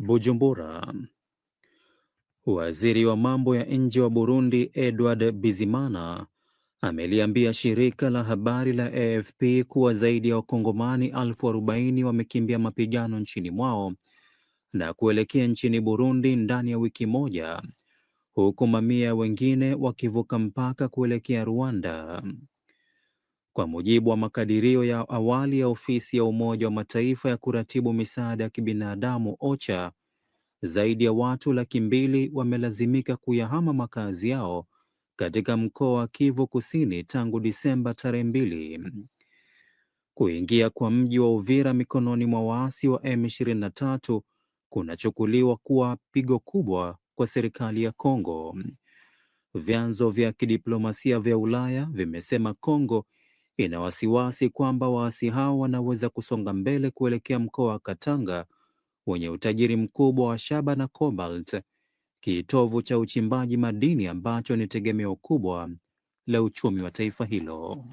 Bujumbura. Waziri wa mambo ya nje wa Burundi Edward Bizimana ameliambia shirika la habari la AFP kuwa zaidi ya wakongomani elfu arobaini wamekimbia mapigano nchini mwao na kuelekea nchini Burundi ndani ya wiki moja huku mamia wengine wakivuka mpaka kuelekea Rwanda. Kwa mujibu wa makadirio ya awali ya ofisi ya Umoja wa Mataifa ya kuratibu misaada ya kibinadamu OCHA, zaidi ya watu laki mbili wamelazimika kuyahama makazi yao katika mkoa wa Kivu Kusini tangu Disemba tarehe mbili. Kuingia kwa mji wa Uvira mikononi mwa waasi wa M23 kunachukuliwa kuwa pigo kubwa kwa serikali ya Kongo. Vyanzo vya kidiplomasia vya Ulaya vimesema Kongo ina wasiwasi kwamba waasi hao wanaweza kusonga mbele kuelekea mkoa wa Katanga wenye utajiri mkubwa wa shaba na cobalt, kitovu cha uchimbaji madini ambacho ni tegemeo kubwa la uchumi wa taifa hilo.